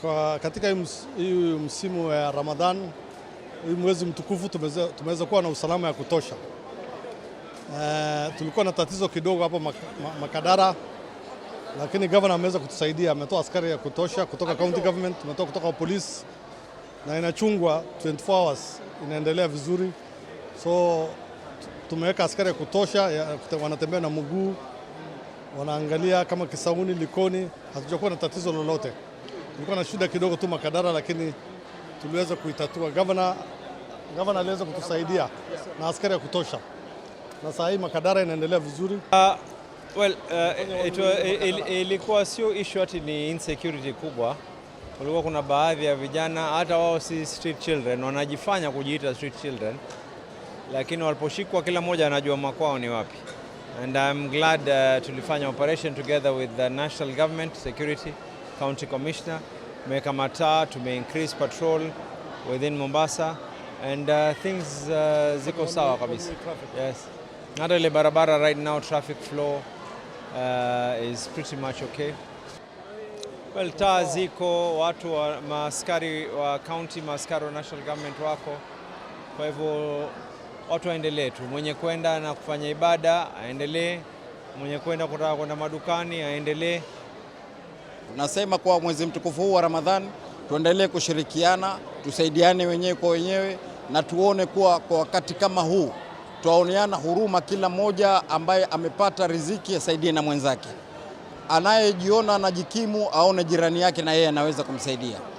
Kwa katika hii msimu wa Ramadhan, hii mwezi mtukufu, tumeweza kuwa na usalama ya kutosha. E, tulikuwa na tatizo kidogo hapo mak Makadara, lakini governor ameweza kutusaidia, ametoa askari ya kutosha kutoka county government, ametoa kutoka polisi na inachungwa 24 hours, inaendelea vizuri so tumeweka askari ya kutosha ya, wanatembea na mguu, wanaangalia kama Kisauni, Likoni, hatujakuwa na tatizo lolote. Tulikuwa na shida kidogo tu Makadara, lakini tuliweza kuitatua. Gavana gavana aliweza kutusaidia na askari ya kutosha, na saa hii Makadara inaendelea vizuri. Uh, well, uh, ilikuwa sio issue ati ni insecurity kubwa kulikuwa kuna baadhi ya vijana hata wao si street children, wanajifanya kujiita street children lakini waliposhikwa kila mmoja anajua makwao ni wapi. And I'm glad uh, tulifanya operation together with the national government security county commissioner tumeweka mataa, tume increase patrol within Mombasa and uh, things uh, ziko sawa kabisa. Yes. Hata ile barabara right now traffic flow uh, is pretty much okay. Well, taa ziko watu wa maaskari wa county, maaskari wa national government wako, kwa hivyo watu waendelee tu, mwenye kwenda na kufanya ibada aendelee, mwenye kwenda kutaka kwenda madukani aendelee. Tunasema kwa mwezi mtukufu huu wa Ramadhani tuendelee kushirikiana, tusaidiane wenyewe kwa wenyewe, na tuone kuwa kwa wakati kama huu twaoneana huruma, kila mmoja ambaye amepata riziki asaidie na mwenzake, anayejiona anajikimu aone jirani yake na yeye anaweza kumsaidia.